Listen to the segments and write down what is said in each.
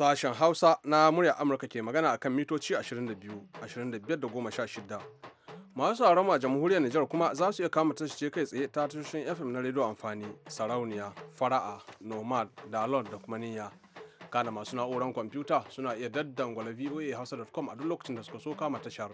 Sashen Hausa na murya Amurka ke magana a kan mitoci 22, 16. Masu sauraron a jamhuriyar Nijar kuma za su iya kama ce kai tsaye ta tashoshin FM na rediyo amfani, sarauniya, fara'a, nomad, dalot da kuma niyya. Kana masu na'uran kwamfuta suna iya daddangwala voa hausa.com a duk lokacin da suka so kama tashar.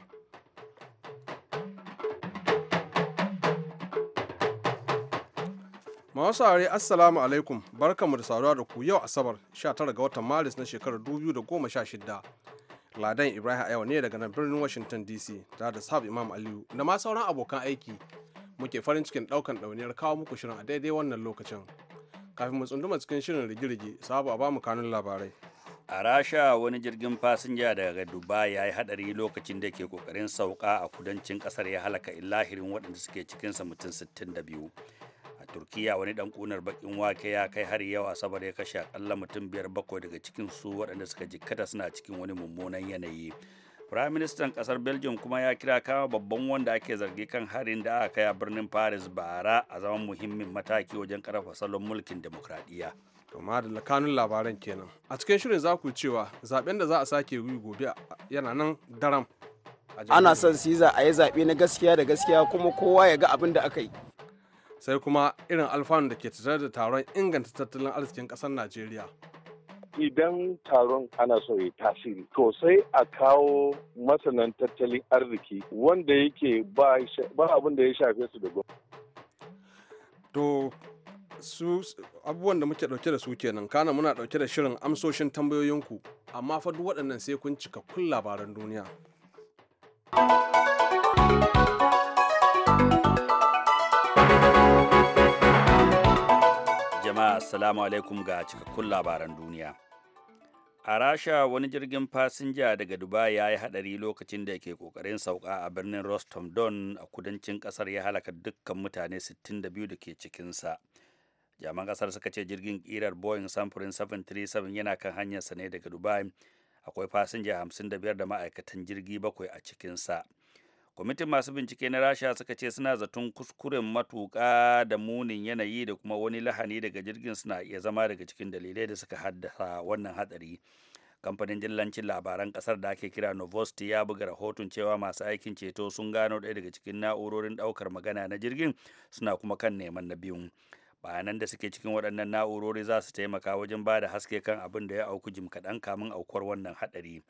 Masu aure assalamu alaikum barkamu da saduwa da ku yau asabar 19 ga watan maris na shekarar 2016 ladan ibrahim a yau ne daga nan birnin washington dc da da sahab imam aliyu da ma sauran abokan aiki muke farin cikin daukan dauniyar kawo muku shirin a daidai wannan lokacin kafin mu tsunduma cikin shirin rigirgi sabu a bamu kanun labarai a rasha wani jirgin fasinja daga dubai ya yi hadari lokacin da ke kokarin sauka a kudancin kasar ya halaka illahirin waɗanda suke cikinsa mutum 62 turkiya wani dan kunar bakin wake ya kai har yau asabar ya kashe akalla mutum biyar bakwai daga cikin su waɗanda suka jikkata suna cikin wani mummunan yanayi Prime Minister kasar Belgium kuma ya kira kama babban wanda ake zargi kan harin da aka kai a birnin Paris bara a zaman muhimmin mataki wajen karfafa salon mulkin demokradiyya. To da kanun labaran kenan. A cikin shirin za ku cewa zaben da za a sake yi gobe yana nan daram. Ana son siza a yi zaɓe na gaskiya da gaskiya kuma kowa ya ga abin da aka yi. sai kuma irin alfanu da ke tattare da taron inganta tattalin arzikin ƙasar najeriya idan taron ana so ya tasiri to sai a kawo masanan tattalin arziki wanda yake ba abin da ya shafe su da to su abubuwan da muke dauke da su kenan kana muna dauke da shirin amsoshin tambayoyinku amma fa duk waɗannan sai kun cika kun labaran duniya. Assalamu alaikum ga cikakkun labaran duniya. A Rasha wani jirgin fasinja daga Dubai ya yi hadari lokacin da yake kokarin sauka a birnin Rostom Don a kudancin kasar ya halaka dukkan mutane 62 da ke cikinsa. Jaman kasar suka ce jirgin kirar Boeing samfurin 737 yana kan hanyarsa ne daga Dubai. Akwai fasinja 55 da ma'aikatan jirgi bakwai a cikinsa. kwamitin masu bincike na rasha suka ce suna zaton kuskuren matuƙa da munin yanayi da kuma wani lahani daga jirgin suna iya zama daga cikin dalilai da suka haddasa wannan hatsari kamfanin jillancin labaran kasar da ake kira novosti ya buga rahoton cewa masu aikin ceto sun gano ɗaya daga cikin na'urorin ɗaukar magana na jirgin suna kuma kan neman na biyun bayanan da suke cikin waɗannan na'urori za su taimaka wajen ba da haske kan abin da ya auku jim kaɗan kamin aukuwar wannan haɗari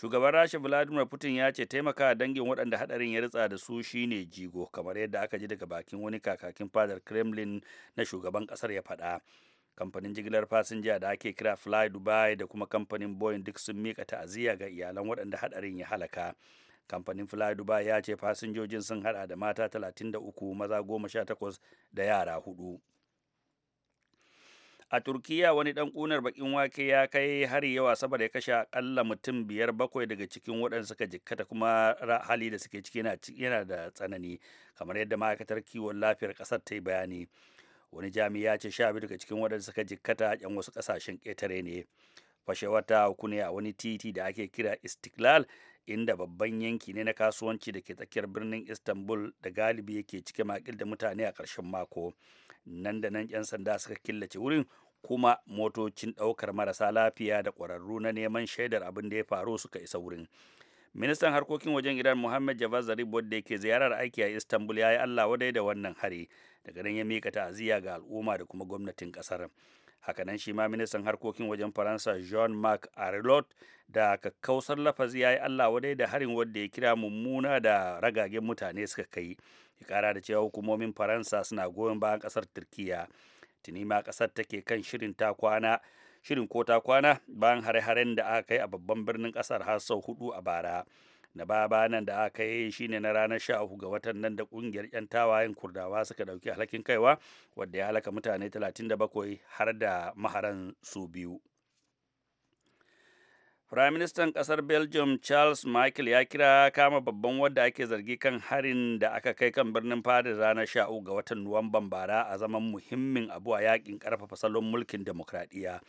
shugaban rasha vladimir putin ya ce taimaka dangin waɗanda hadarin ya ritsa da su shine jigo kamar yadda aka ji daga bakin wani kakakin fadar kremlin na shugaban ƙasar ya faɗa kamfanin jigilar fasinja da ake kira fly dubai da kuma kamfanin boeing duk sun mika ta'aziyya ga iyalan waɗanda hadarin ya halaka kamfanin fly dubai ya ce fasinjojin sun hada da mata 33 maza 18 da yara hudu. a turkiya wani dan kunar bakin wake ya kai hari yawa saboda ya kashe akalla mutum biyar bakwai daga cikin waɗanda suka jikkata kuma hali da suke ciki yana da tsanani kamar yadda ma'aikatar kiwon lafiyar ƙasar ta yi bayani wani jami'i ya ce sha biyu daga cikin waɗanda suka jikkata yan wasu ƙasashen ƙetare ne fashewar ta hukune a wani titi da ake kira istiklal inda babban yanki ne na kasuwanci da ke tsakiyar birnin istanbul da galibi yake cike makil da mutane a ƙarshen mako nan da nan 'yan sanda suka killace wurin kuma motocin ɗaukar marasa lafiya da ƙwararru na neman shaidar abin da ya faru suka isa wurin ministan harkokin wajen iran muhammad javad zarif wadda yake ziyarar aiki a istanbul ya yi allah wadai da wannan hari daga nan ya mika ta'aziyya ga al'umma da kuma gwamnatin ƙasar hakanan shi ma ministan harkokin wajen faransa jean marc arlot da kakkausar lafazi ya yi allah wadai da harin wadda ya kira mummuna da ragagen mutane suka kai ya kara da cewa hukumomin faransa suna goyon bayan kasar turkiya tuni ma kasar take kan shirin ta kwana shirin ko ta kwana bayan hare-haren da aka kai a babban birnin kasar har sau hudu a bara na baya nan da aka yi shine na ranar sha uku ga watan nan da kungiyar 'yan tawayen kurdawa suka ɗauki alhakin kaiwa wadda ya halaka mutane 37 har da maharan su biyu Firaministan kasar Belgium Charles Michael ya kira kama babban wadda ake zargi kan harin da aka kai kan birnin fadar ranar uku ga watan Nuwamban bara a zaman muhimmin abu a yakin karfafa salon mulkin demokradiyya.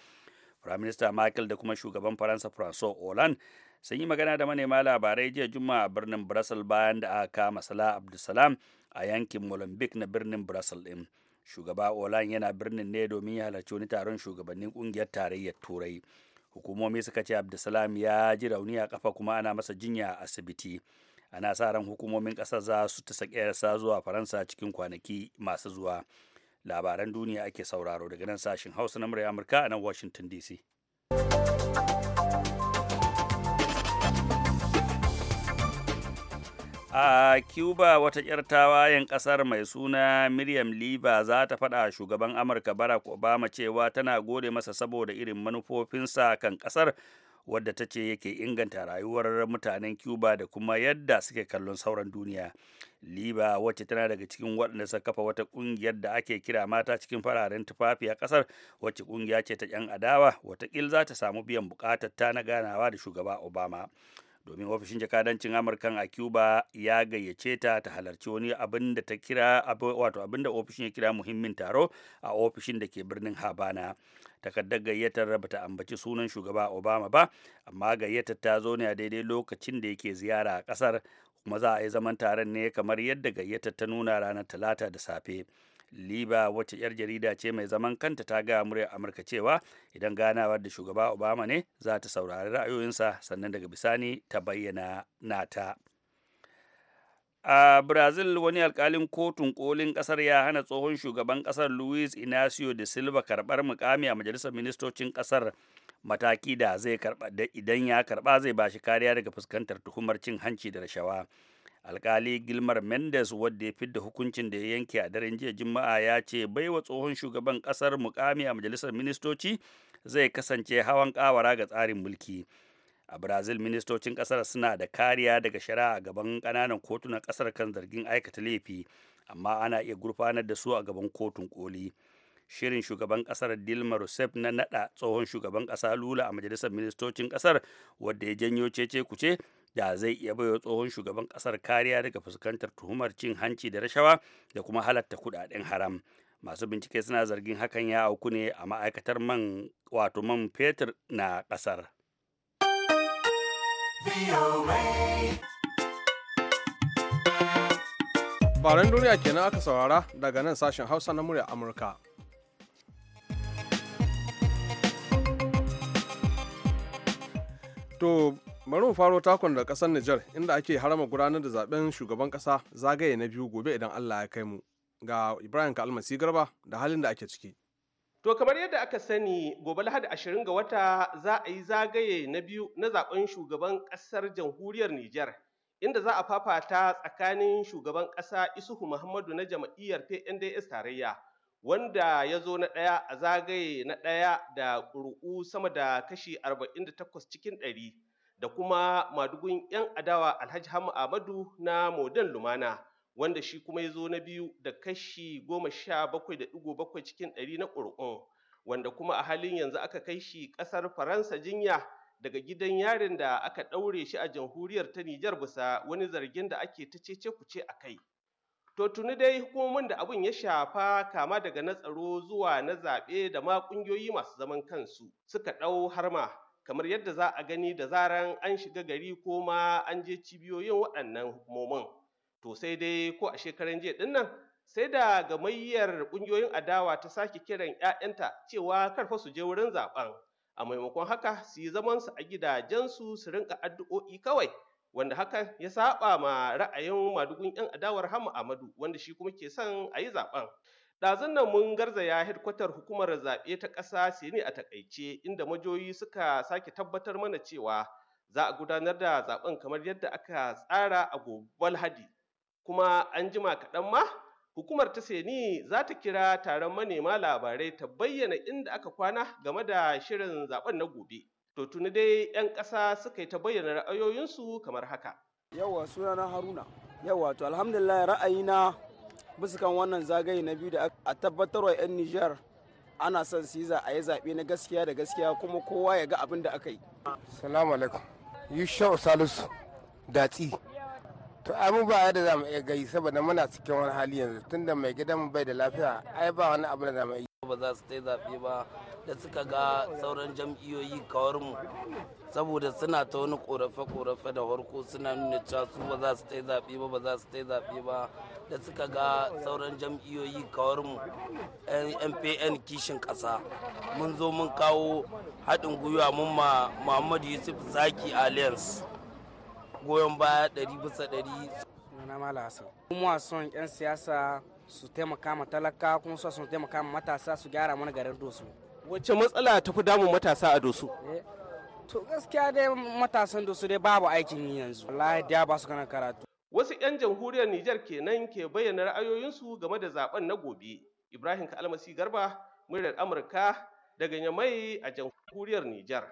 Firaminista Michael da kuma shugaban Faransa François Hollande sun yi magana da manema labarai jiya juma'a a birnin brussels bayan da aka kama salah abdulsalam a yankin molambic na birnin brussels din shugaba olan yana birnin ne domin ya halarci wani taron shugabannin kungiyar tarayyar turai hukumomi suka ce abdulsalam ya ji rauni a kafa kuma ana masa jinya a asibiti ana sa ran hukumomin ƙasa za su ta sa zuwa faransa cikin kwanaki masu zuwa labaran duniya ake sauraro daga nan sashin hausa na murya amurka a nan washington dc a cuba wata kyartawa tawayen ƙasar mai suna miriam liva za ta faɗa shugaban amurka barack obama cewa tana gode masa saboda irin manufofinsa kan ƙasar wadda ta ce yake inganta rayuwar mutanen cuba da kuma yadda suke kallon sauran duniya liba wacce tana daga cikin waɗanda suka kafa wata ƙungiyar da ake kira mata cikin fararen tufafi a ƙasar wacce ƙungiya ce ta 'yan adawa watakil za ta samu biyan buƙatar ta na ganawa da shugaba obama domin ofishin jakadancin amurkan a cuba ya gayyace ta ta halarci wani abin da ta kira wato abin da ofishin ya kira muhimmin taro a ofishin da ke birnin habana takardar gayyatar bata ambaci sunan shugaba obama ba amma gayyatar ta zo ne a daidai lokacin da yake ziyara a kasar kuma za a yi zaman taron ne kamar yadda gayyatar ta nuna ranar talata da safe liba wacce 'yar jarida ce mai zaman kanta ta ga murya amurka cewa idan ganawar da shugaba obama ne za ta saurari ra'ayoyinsa sannan daga bisani ta bayyana nata a brazil wani alkalin kotun kolin kasar ya hana tsohon shugaban kasar luis inacio da silva karbar mukami a majalisar ministocin kasar mataki da zai karba idan ya karba zai bashi kariya daga fuskantar tuhumar cin hanci da rashawa alkali gilmar mendes wadda ya fidda hukuncin da ya yanke a daren jiya juma'a ya ce bai wa tsohon shugaban kasar mukami a majalisar ministoci zai kasance hawan kawara ga tsarin mulki a brazil ministocin kasar suna da kariya daga shari'a a gaban kananan kotunan kasar kan zargin aikata laifi amma ana iya gurfanar da su a gaban kotun koli shirin shugaban kasar dilma rousseff na nada tsohon shugaban kasa lula a majalisar ministocin kasar wadda ya janyo cece kuce da zai iya baiwa tsohon shugaban kasar kariya daga fuskantar tuhumar cin hanci da rashawa da kuma halatta kudaden haram masu bincike suna zargin hakan ya auku ne a ma'aikatar man wato man fetur na kasar Baran duniya kenan aka saurara daga nan sashen Hausa na murya Amurka. To bari mu faro takon da kasar Nijar inda ake harama gudanar da zaben shugaban kasa zagaye na biyu gobe idan Allah ya kai mu. Ga Ibrahim Kalmasi Garba da halin da ake ciki. To kamar yadda aka sani gobe Lahadi 20 ga wata za a yi zagaye na biyu na zaben shugaban kasar jamhuriyar Nijar inda za a fafata tsakanin shugaban kasa Isuhu Muhammadu na jam'iyyar PNDS tarayya wanda ya zo na ɗaya a zagaye na ɗaya da ƙuri'u sama da kashi 48 cikin ɗari. da kuma madugun 'yan adawa Alhaji Hamu Ahmadu na Modern Lumana wanda shi kuma ya zo na biyu da kashi goma sha bakwai da ɗigo bakwai cikin ɗari na ƙuri'un wanda kuma a halin yanzu aka kai shi ƙasar Faransa jinya daga gidan yarin da aka ɗaure shi a jamhuriyar ta Nijar bisa wani zargin da ake ta cece kuce a kai. To tuni dai hukumomin da abin ya shafa kama daga na tsaro zuwa na zaɓe da ma ƙungiyoyi masu zaman kansu suka ɗau harma kamar yadda za a gani da zaran an shiga gari ko ma an je cibiyoyin waɗannan hukumomin to sai dai ko a shekaran jiya ɗin nan sai da gamayyar ƙungiyoyin adawa ta sake kiran 'ya'yanta cewa karfa su je wurin zaɓen a maimakon haka su yi zaman su a gidajensu su rinka addu'o'i kawai wanda hakan ya saɓa ma ra'ayin madugun 'yan adawar Hama Amadu wanda shi kuma ke son a yi zaben. Ɗazun nan mun garzaya hedkwatar hukumar zaɓe ta ƙasa Sini a takaice inda majoyi suka sake tabbatar mana cewa za a gudanar da zaɓen kamar yadda aka tsara a gobal hadi, Kuma an jima kaɗan ma hukumar ta Sini za ta kira taron manema labarai ta bayyana inda aka kwana game da shirin zaɓen na gobe. To tuni dai 'yan ƙasa suka yi ta bayyana ra'ayoyinsu kamar haka. Yawa sunana Haruna. Yawa to alhamdulillah ra'ayina fuskan wannan zagaye na biyu da a tabbatarwa 'yan Nijar ana son siza a yi zaɓe na gaskiya da gaskiya kuma kowa ya ga abin da aka yi. Salamu alaikum. Salisu Datsi. To ai mu ba yadda za mu iya gai saboda muna cikin wani hali yanzu tunda mai gidan mu bai da lafiya ai ba wani abu da za mu Ba za su tsaye zaɓe ba da suka ga sauran jam'iyoyi kawar mu saboda suna ta wani korafe-korafe da harko suna nuna cewa su ba za su ta zaɓe ba ba za su ta zaɓe ba da suka ga sauran jam'iyoyi kawar mu mpn kishin ƙasa mun zo mun kawo haɗin gwiwa mun ma muhammadu yusuf zaki alliance goyon baya ɗari bisa ɗari kuma son 'yan siyasa su taimaka ma talaka kuma su taimaka ma matasa su gyara mana garin dosu wacce matsala ta fi damun matasa a dosu eh, to gaskiya dai matasan dosu dai babu aikin yi yanzu wallahi da ba su karatu wasu 'yan jamhuriyar Nijar kenan ke bayyana ra'ayoyinsu game da zaben na gobe Ibrahim Kalmasi Garba muryar Amurka daga Yamai a jamhuriyar Nijar.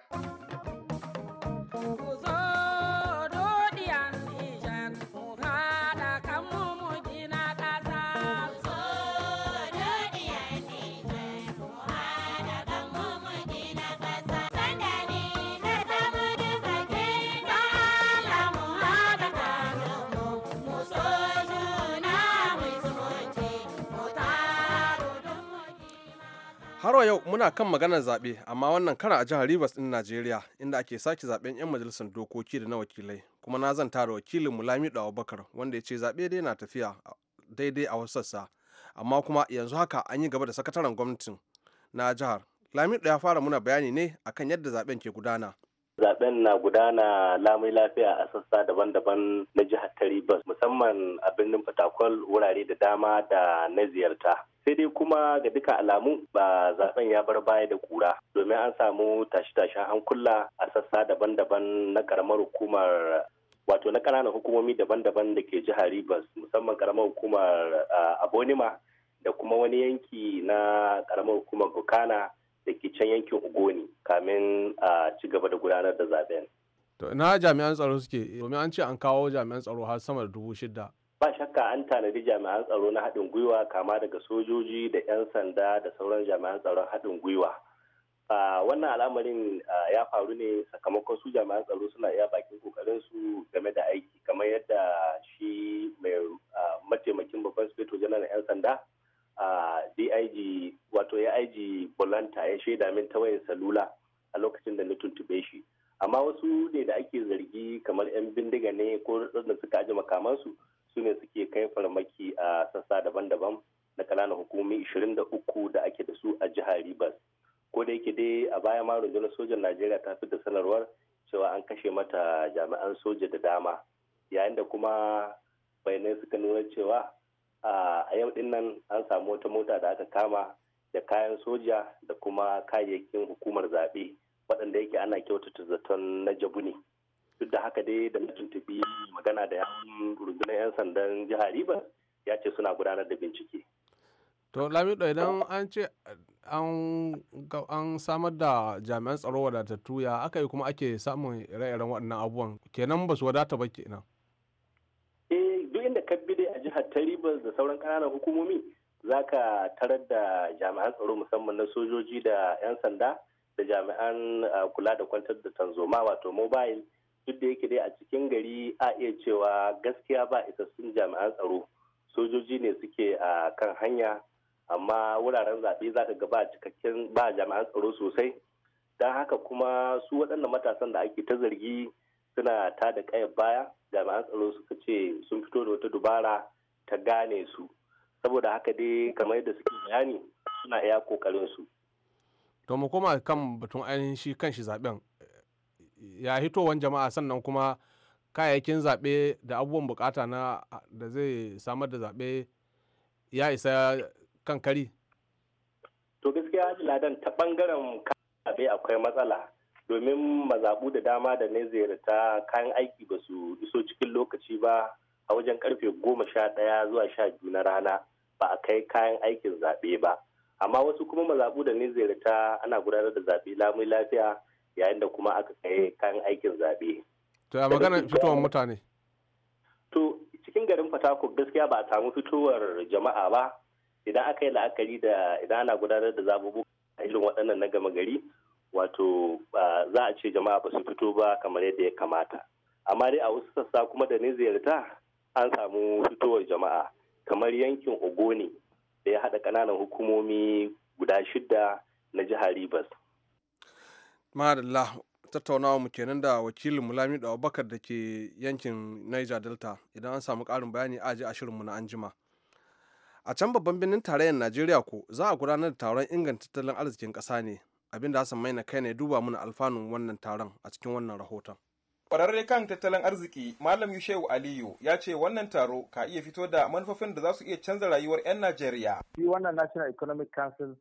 har wa yau muna kan maganar zaɓe amma wannan kara a jihar rivers ɗin najeriya inda ake sake zaɓen 'yan majalisar dokoki da na wakilai kuma na zanta da wakilin lamidu abubakar wanda ya ce zaɓe dai na tafiya daidai a wasu sassa amma kuma yanzu haka an yi gaba da sakataren gwamnatin na jihar lamido ya fara muna bayani ne akan yadda zaɓen ke gudana zaben na gudana lamai lafiya a sassa daban-daban na jihar taribas musamman a birnin fatakwal wurare da dama da na ziyarta sai dai kuma ga duka alamu ba zaben ya bar baya da kura domin an samu tashe-tashen hankula a sassa daban-daban na karamar hukumar wato na ƙananan hukumomi daban-daban da ke jihar Rivers musamman karamar hukumar ah, Abonima da kuma wani yanki na karamar hukumar Bukana da ke can yankin ugoni kamin a ci gaba da gudanar da zaben. To ina jami'an tsaro suke domin an ce an kawo jami'an tsaro har sama da dubu shida ba shakka an tanadi jami'an tsaro na haɗin gwiwa kama daga sojoji da 'yan sanda da sauran jami'an tsaron haɗin gwiwa wannan al'amarin ya faru ne sakamakon su jami'an tsaro suna iya bakin kokarin su game da aiki kamar yadda shi mai mataimakin babban speto janar 'yan sanda dig wato ya aiji bolanta ya shaida min ta wayan salula a lokacin da na tuntube shi amma wasu ne da ake zargi kamar 'yan bindiga ne ko da suka aji makamansu sojan najeriya ta fita sanarwar cewa an kashe mata jami'an soja da dama yayin da kuma bayanai suka nuna cewa a yau din nan an samu wata mota da aka kama da kayan soja da kuma kayayyakin hukumar zaɓe waɗanda yake ana kyautata zaton na jabu ne duk da haka dai da tuntubi magana da yawon rundunar 'yan sandan jihar ribar ya ce suna gudanar da bincike to lamido idan an ce an samar da jami'an tsaro wadatattu ya aka yi kuma ake samun ire-iren waɗannan abubuwan kenan ba su wadata ba kenan eh duk inda ka bi a jihar taribas da sauran ƙananan hukumomi za ka tarar da jami'an tsaro musamman na sojoji da 'yan sanda da jami'an ah, kula da kwantar da tanzoma wato mobile duk da yake dai a cikin gari a iya cewa gaskiya ba isassun jami'an tsaro sojoji ne suke a ah, kan hanya amma wuraren zaɓe za ka ga ba cikakken ba jami'an tsaro sosai don haka kuma su waɗannan matasan da ake ta zargi suna ta da ƙayar baya jami'an tsaro suka ce sun fito da wata dubara ta gane su saboda haka dai kamar yadda suke bayani suna iya kokarin su to mu koma kan batun ainihin shi kan shi zaɓen ya wani jama'a sannan kuma kayayyakin zaɓe da abubuwan bukata na da zai samar da zaɓe ya isa kankari? to gaskiya ladan ta bangaren kabe akwai matsala domin mazaɓu da dama da ne ziyarta kayan aiki ba su iso cikin lokaci ba a wajen karfe goma sha ɗaya zuwa sha biyu na rana ba a kai kayan aikin zaɓe ba amma wasu kuma mazaɓu da ne ziyarta ana gudanar da zaɓe lamun lafiya yayin da kuma aka kai kayan aikin zaɓe. to ya magana fitowar mutane to cikin garin fatako gaskiya ba a samu fitowar jama'a ba idan aka yi la'akari da idan ana gudanar da zabubu a irin waɗannan na gama gari wato za a ce jama'a ba su fito ba kamar yadda ya kamata amma dai a wasu sassa kuma da ni ziyarta an samu fitowar jama'a kamar yankin ogoni da ya haɗa ƙananan hukumomi guda shida na jihar ribas madalla tattaunawa mu kenan da wakilin mulami da abubakar da ke yankin niger delta idan an samu ƙarin bayani a je a shirinmu na anjima. a can babban birnin tarayyar najeriya ko za a gudanar da taron inganta tattalin arzikin ƙasa ne abin da hassan maina kai ne duba mana alfanun wannan taron a cikin wannan rahoton kwararre kan tattalin arziki malam yushewu aliyu ya ce wannan taro ka iya fito da manufofin da za su iya canza rayuwar 'yan najeriya shi wannan national economic council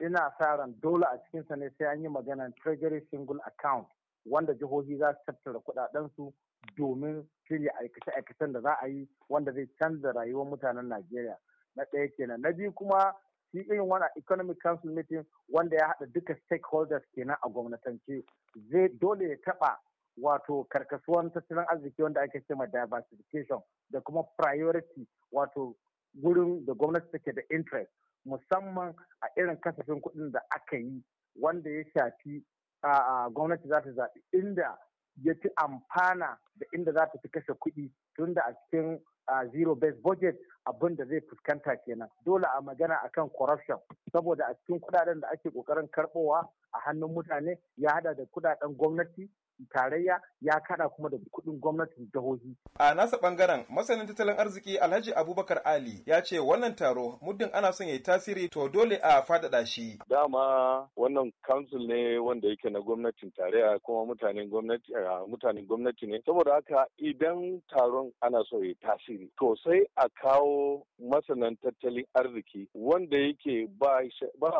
ina sa ran dole a cikinsa ne sai an yi maganar treasury single account wanda jihohi za su tattara su domin shirya aikace-aikacen da za a yi wanda zai canza rayuwar mutanen najeriya na ɗaya kenan na biyu kuma shi irin wani economic council meeting wanda ya haɗa duka stakeholders kenan a gwamnatance zai dole ya taɓa wato karkasuwan tattalin arziki wanda ake ce ma diversification da kuma priority wato wurin da gwamnati take da interest musamman a irin kasafin kuɗin da aka yi wanda ya shafi a gwamnati za ta zaɓi inda ya fi amfana da inda za ta fi kashe kuɗi tunda a cikin a zero based budget abin da zai fuskanta kenan dole a magana akan corruption saboda a cikin kudaden da ake kokarin karbowa a hannun mutane ya hada da kudaden gwamnati tarayya ya kada kuma da kuɗin gwamnatin jihohi. A nasa bangaren masanin tattalin arziki Alhaji Abubakar Ali ya ce wannan taro muddin ana son ya yi tasiri to dole a fadada shi. Dama wannan council ne wanda yake na gwamnatin tarayya kuma mutanen gwamnati mutanen gwamnati ne saboda haka idan taron ana so ya yi tasiri to sai a kawo masanan tattalin arziki wanda yake ba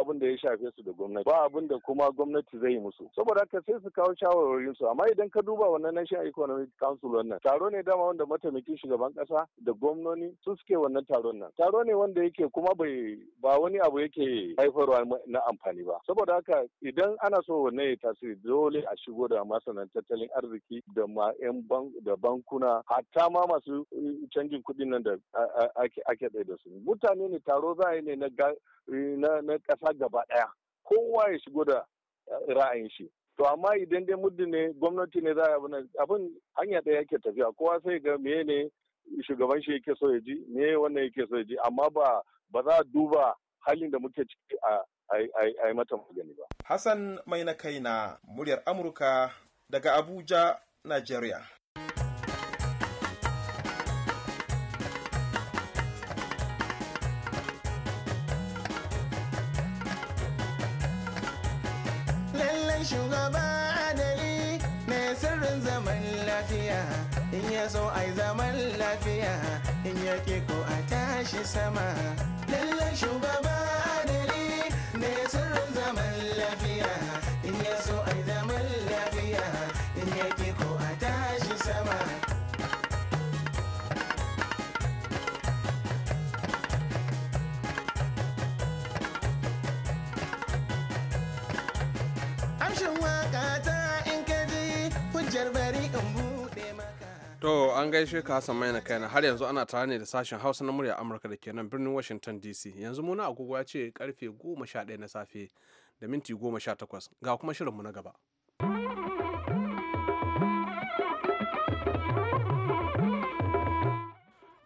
abin da ya shafe su da gwamnati ba abin da kuma gwamnati zai musu saboda haka sai su kawo shawarwarin su amma idan ka duba wannan National Economic Council wannan taro ne dama wanda mataimakin shugaban kasa da gwamnoni su suke wannan taron nan taro ne wanda yake kuma bai ba wani abu yake haifarwa na amfani ba saboda haka idan ana so wannan ya tasiri dole a shigo da masanan tattalin arziki da ma yan da bankuna hatta ma masu eh, canjin kuɗin nan da ake tsaye da su mutane ne taro za a yi ne na eh, ƙasa gaba ɗaya kowa ya shigo da eh, ra'ayin shi to amma idan dai muddin ne gwamnati ne za a abin abin hanya ɗaya yake tafiya kowa sai ga meye ne shugaban shi yake so ya ji me wannan yake so ya ji amma ba ba za a duba halin da muke ciki a a yi mata magani ba. Hassan mai na kai na muryar Amurka daga Abuja, Nigeria. semana. an gaishe ka Hassan Maina kaina har yanzu ana tare ne da sashen Hausa na murya Amurka da ke nan birnin Washington DC. Yanzu muna agogo ya ce karfe 11 na safe da minti 18 ga kuma shirinmu na gaba.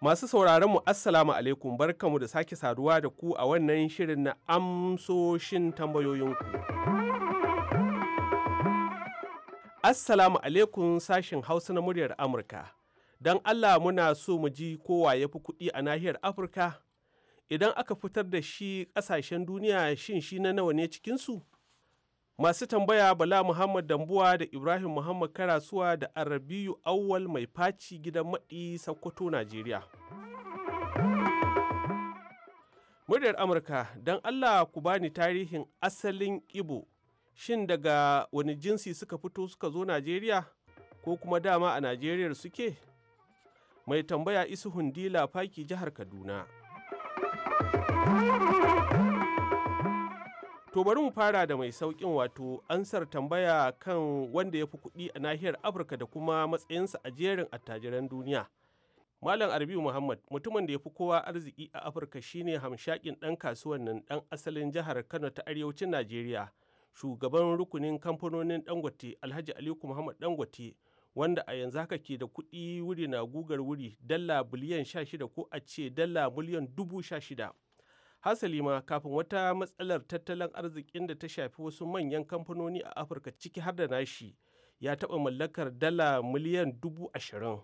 Masu sauraron mu Assalamu alaikum barkamu da sake saduwa da ku a wannan shirin na amsoshin tambayoyinku. Assalamu alaikum sashin Hausa na muryar Amurka. don allah muna so mu ji kowa ya fi kuɗi a nahiyar afirka idan aka fitar da shi ƙasashen duniya shin shi na nawa ne cikinsu masu tambaya bala muhammad dambuwa da ibrahim muhammad karasuwa da arabiyu awwal mai faci gidan maɗi sakkwato najeriya muryar amurka don allah ku bani tarihin asalin ibo shin daga wani jinsi suka fito suka zo najeriya ko kuma dama a najeriyar suke mai tambaya isu hundila faki jihar kaduna to bari mu fara da mai saukin wato ansar tambaya kan wanda ya fi kuɗi a nahiyar afirka da kuma matsayinsa a jerin attajiran duniya malam arbiu muhammad mutumin da ya fi kowa arziki a afirka shine hamshakin ɗan kasuwan nan ɗan asalin jihar kano ta arewacin najeriya shugaban rukunin kamfanonin dangote alhaji aliku muhammad dangote wanda a yanzu haka ke da kuɗi wuri na gugar wuri dala biliyan 16 ko a ce dala miliyan shida Hasali ma kafin wata matsalar tattalin arzikin da ta shafi wasu manyan kamfanoni a Afirka ciki har da nashi ya taɓa mallakar dala miliyan dubu ashirin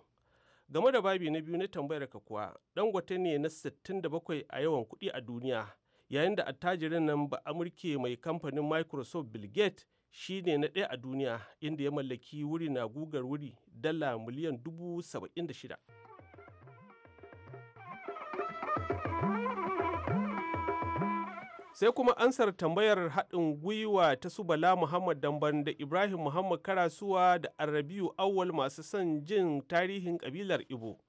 Game da babi na biyu na tambayar ka kuwa, dangote ne na 67 a yawan kuɗi a duniya, yayin da attajirin nan ba Amurke mai kamfanin Microsoft Bill Gates shi ne na ɗaya a duniya inda ya mallaki wuri na gugar wuri dala miliyan dubu saba'in da shida. sai kuma ansar tambayar haɗin gwiwa ta su bala muhammad damban da ibrahim muhammad karasuwa da arabiyu awwal masu son jin tarihin ƙabilar ibo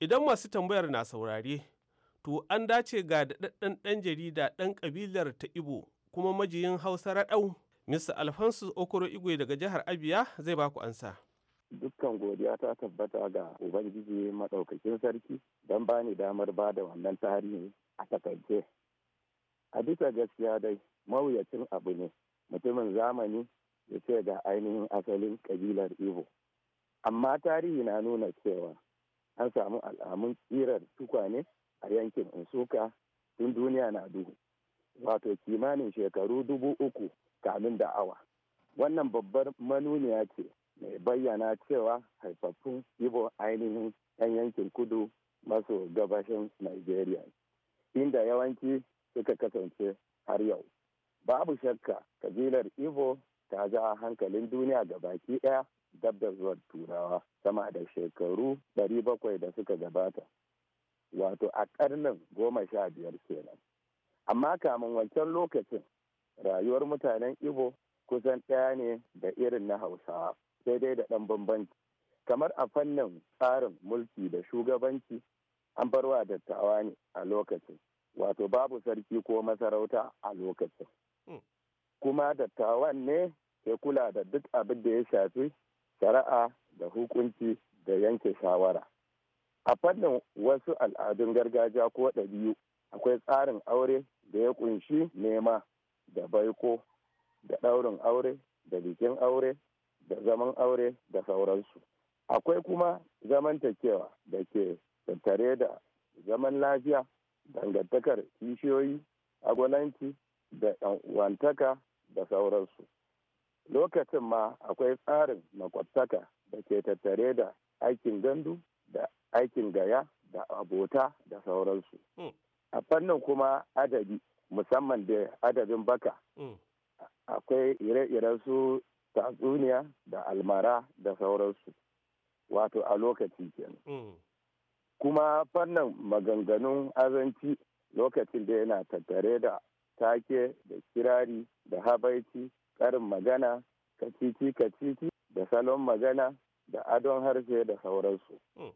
idan masu tambayar na saurare to an dace ga daɗaɗɗen ɗan jarida ɗan ƙabilar ta ibo kuma majiyin hausa raɗau Mr. Alfonso Okoro Igwe daga jihar Abia zai baku ansa. Dukkan godiya ta tabbata ga Ubangiji maɗaukakin sarki don ba ni damar ba da wannan tarihi a takaice. A bisa gaskiya dai mawuyacin abu ne mutumin zamani ya ce ga ainihin asalin kabilar Igbo. Amma tarihi na nuna cewa an samu al'amun tsirar tukwane a yankin Nsuka tun duniya na duhu. Wato kimanin shekaru dubu uku kamin da awa wannan babbar manuniya ce mai bayyana cewa haifaffun ibo ainihin 'yan yankin kudu maso gabashin nigeria inda yawanci suka kasance har yau babu shakka kabilar ibo ta ja hankalin duniya ga baki ɗaya dab da turawa sama da shekaru 700 da suka gabata wato a ƙarnin goma sha biyar kenan amma kamin wancan lokacin rayuwar mutanen Igbo kusan ɗaya ne da irin na hausawa sai dai da ɗan bambanci kamar a fannin tsarin mulki da shugabanci an barwa dattawa ne a lokacin wato babu sarki ko masarauta a lokacin hmm. kuma dattawan ne ke kula da duk abin da ya shafi shari'a da hukunci da yanke shawara a fannin wasu al'adun gargajiya ko ɗabi'u akwai tsarin aure da ya ƙunshi nema da baiko da ɗaurin aure da bikin aure da zaman aure da sauransu akwai kuma zamantakewa da ke tattare da zaman lafiya dangantakar kishiyoyi agwalanci da wantaka da sauransu lokacin ma akwai tsarin makwabtaka da ke tattare da aikin gandu da aikin gaya da abota da sauransu hmm. a fannin kuma adabi musamman da adadin baka mm. akwai ire-iren su tatsuniya da almara da sauransu wato a lokaci kenan mm. kuma fannin maganganun azanci lokacin da yana tattare da take da kirari da habaici karin magana kacici kacici da salon magana da adon harshe da sauransu mm.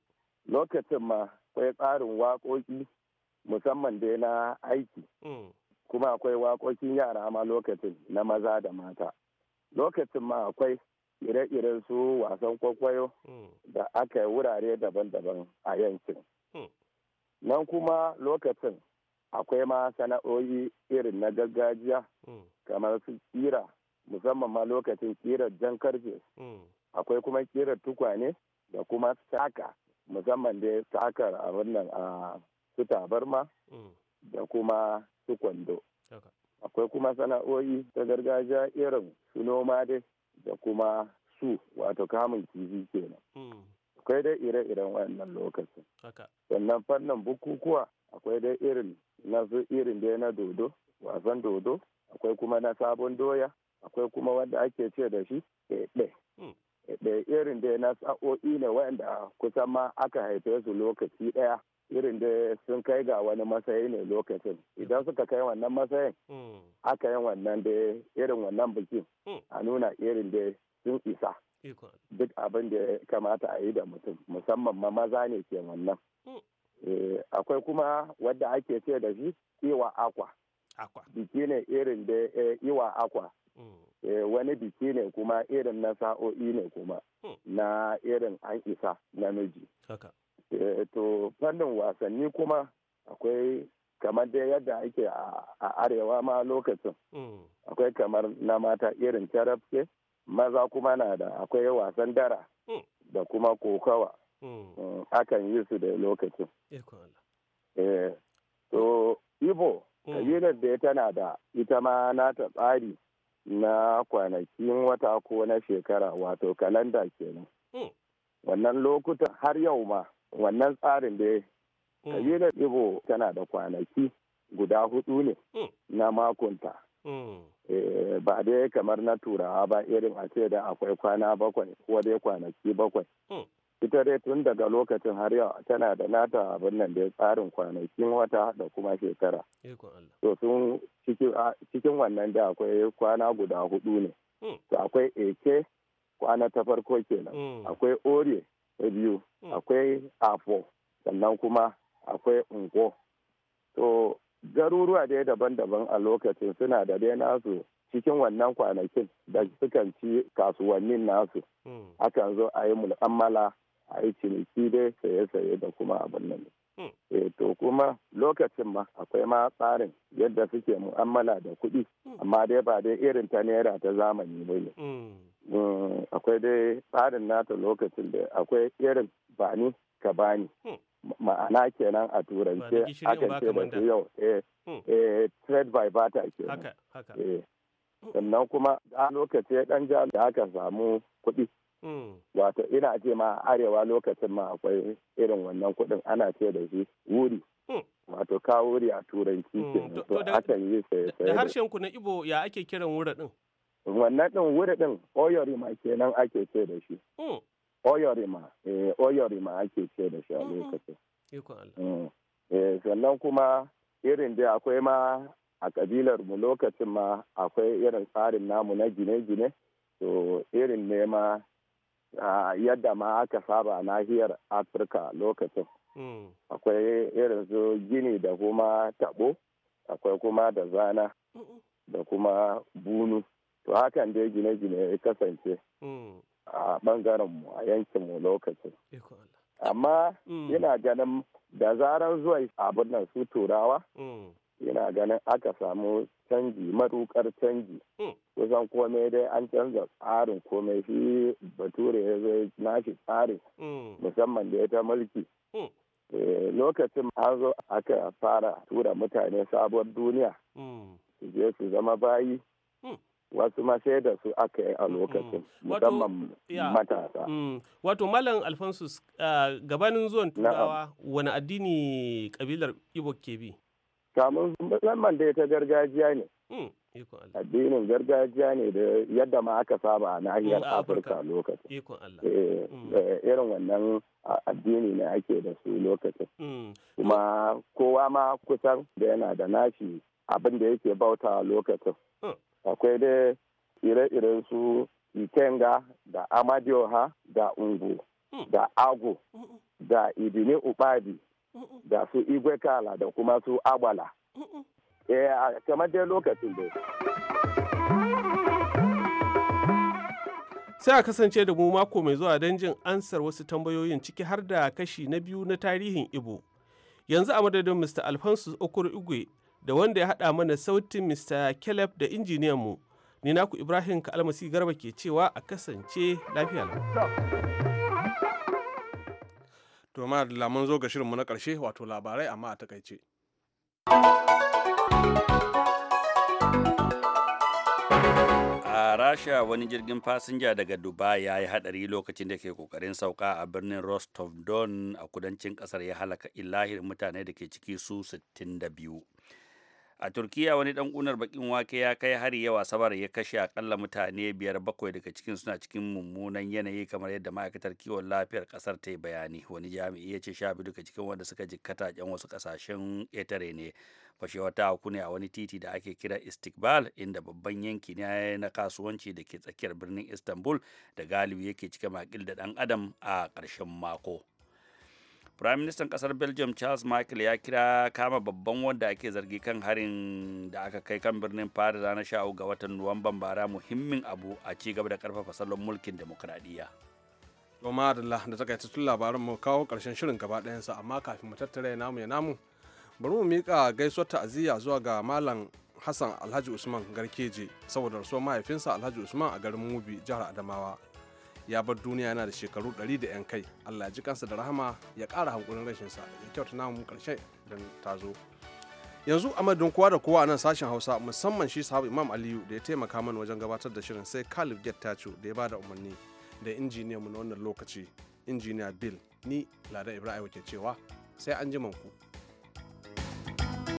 lokacin ma akwai tsarin waƙoƙi musamman dai na aiki kuma akwai waƙoƙin yara ma lokacin na maza da mata lokacin ma akwai ire-iren su wasan kwakwayo hmm. da aka yi wurare daban-daban a yankin hmm. nan kuma lokacin akwai ma sana'o'i irin na gargajiya hmm. kamar su kira musamman ma lokacin kirar jan karfe akwai kuma kirar tukwane da kuma saka musamman dai sakar a wannan a ah, su tabarma da kuma su kwando akwai kuma sana'o'i ta gargajiya irin su noma dai da kuma su wato kamun kifi kenan hmm. akwai dai ire-iren wannan lokacin sannan fannin bukukuwa akwai dai irin na su irin dai na dodo wasan dodo akwai kuma na sabon doya akwai kuma wanda ake ce da shi ɗe hmm. da irin dai na sa'o'i ne wanda kusan ma aka haife su lokaci ɗaya irin da sun kai ga wani masayi ne lokacin idan suka kai wannan masayin hmm. aka yi wannan da irin wannan bikin hmm. a nuna irin da sun isa duk abin da kamata a yi da mutum musamman ma maza ne ke wannan hmm. eh, akwai kuma wadda ake ce da shi iwa akwa biki ne irin da eh, iwa akwa eh, wani biki ne kuma irin na sa'o'i ne kuma na irin an isa namiji Eh, to fannin wasanni kuma akwai kamar dai yadda ake a arewa ma lokacin mm. akwai kamar na mata irin carafke maza kuma na da akwai wasan dara mm. da kuma kokawa mm. akan yi su da lokacin eh, to ibo kabilar da tana da ita ma nata tsari na kwanakin wata ko na shekara wato kalanda kenan wannan lokutan har yau ma wannan tsarin da hmm. kabilar ibo tana da kwanaki guda hudu ne hmm. na makonta hmm. eh, ba dai kamar na turawa ba irin a ce da akwai kwana bakwai ko dai kwanaki bakwai ita dai tun daga lokacin har yau tana da nata abin nan da tsarin kwanakin wata da kuma shekara to sun cikin wannan da akwai kwana guda hudu ne to akwai eke kwana ta farko kenan akwai ore biyu hmm. akwai afo sannan kuma akwai unko to garuruwa dai daban-daban a lokacin suna da dai nasu cikin wannan kwanakin da sukan ci kasuwannin nasu hmm. akan zo a yi mul'amala a yi ciniki dai saye-saye da kuma abin nan Hmm. eh to kuma lokacin ma akwai ma tsarin yadda suke mu'amala da kuɗi hmm. amma dai ba dai irin ta naira ta zamani ba ne hmm. akwai dai tsarin nata lokacin da akwai irin bani ka bani ma'ana kenan a turance akan ce da su yau eh, eh trade by barter kenan eh. sannan kuma a lokacin ya dan Jalo, da aka samu kuɗi Mm. wato ina ce ma arewa lokacin ma akwai irin wannan kuɗin ana ce da shi wuri mm. wato ka wuri a turanci mm. ke to akan yi saye da harshen ku na ibo ya ake kiran wura din wannan din wura din oyorima kenan ake ce da shi oyorima eh oyorima ake ce da shi a mm-hmm. lokacin eh, sannan kuma irin da akwai ma a kabilar mu lokacin ma akwai irin tsarin namu na gine-gine to irin ne ma yadda ma aka saba nahiyar afirka lokacin hmm. akwai irin su gini da kuma tabo akwai kuma da zana da kuma bunu to hakan dai gine-gine ya kasance hmm. a bangaren mu a yankin mu lokacin amma hmm. ina ganin da zarar zuwa abin nan su turawa ina ganin aka samu canji marukar canji hmm. kusan komai dai an canza tsarin komai shi bature ya zai nashi tsarin hmm. musamman da ya ta mulki hmm. eh, lokacin an zo aka fara tura mutane sabon duniya su je su zama bayi wasu ma da su aka yi a lokacin musamman matasa. Wato Malam Alfonsus ah, gabanin zuwan Turawa wani addini kabilar ibo ke bi? samun musamman da ta gargajiya ne hmm, addinin gargajiya ne da yadda ma aka saba a nahiyar hmm, afirka lokacin eh, hmm. eh, irin wannan addini ne ake da su lokacin kuma kowa ma kusan da yana da nashi abin da yake bauta lokacin akwai da ire-iren su ikenga da amadioha da ungu da ago da idini ubadi da su igwe kala da kuma su agbala eh kamar dai lokacin da sai a kasance da mu mako mai zuwa don jin ansar wasu tambayoyin ciki har da kashi na biyu na tarihin ibo yanzu a madadin mr alphonsus okur igwe da wanda ya hada mana sautin mr caleb da injiniyanmu ni naku ibrahim ka almasi garba ke cewa a kasance lafiya lau to amma da lamun zo ga shirinmu na ƙarshe wato labarai amma a takaice a rasha wani jirgin fasinja daga dubai ya yi hadari lokacin da ke kokarin sauka a birnin rostov don a kudancin kasar ya halaka ilahirin mutane da ke ciki su 62 a turkiya wani dan kunar bakin wake ya kai hari yawa sabar ya kashe akalla mutane biyar bakwai daga cikin suna cikin mummunan yanayi kamar yadda ma'aikatar kiwon lafiyar kasar ta yi bayani wani jami'i ya ce sha biyu daga cikin wanda suka jikkata yan wasu kasashen ƙetare ne fashewar ta hauku ne a wani titi da ake kira istikbal inda babban yanki ne na kasuwanci da ke tsakiyar birnin istanbul da galibi yake cike makil da dan adam a karshen mako. Prime Minister kasar Belgium Charles Michael ya kira kama babban wanda ake zargi kan harin da aka kai kan birnin Paris ranar sha ga watan Nuwamban bara muhimmin abu a ci gaba da karfafa salon mulkin demokradiyya. Goma ma'adala da tun labarin mu kawo karshen shirin gaba ɗayansa amma kafin mu tattara namu ya namu bari mu miƙa gaisuwar ta'aziyya zuwa ga Malam Hassan Alhaji Usman Garkeje saboda rasuwar mahaifinsa Alhaji Usman a garin Mubi jihar Adamawa. ya bar duniya yana da shekaru 100 da 'yan kai allah ya ji kansa da rahama ya kara hankulin rashin sa ya kyauta namu karshe don ta zo yanzu a madadin kowa da kowa a nan sashen hausa musamman shi sahabu imam aliyu da ya taimaka mana wajen gabatar da shirin sai kalif get tacho da ya bada umarni da injiniyan mu na wannan lokaci injiniya bill ni lada ibrahim ke cewa sai an ji ku.